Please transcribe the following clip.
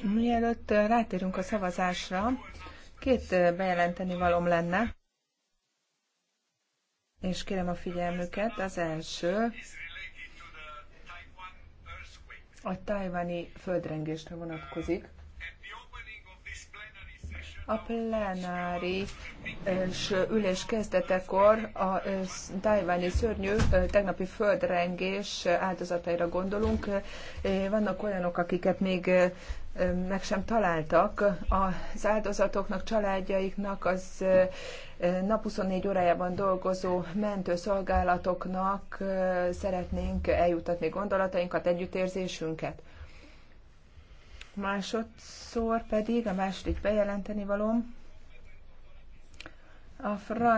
Mielőtt rátérünk a szavazásra, két bejelenteni valom lenne, és kérem a figyelmüket. Az első a tajvani földrengésre vonatkozik. A plenári ülés kezdetekor a tájváni szörnyű tegnapi földrengés áldozataira gondolunk. Vannak olyanok, akiket még meg sem találtak. Az áldozatoknak, családjaiknak, az nap 24 órájában dolgozó mentőszolgálatoknak szeretnénk eljutatni gondolatainkat, együttérzésünket. Másodszor pedig a második bejelenteni valóm a francia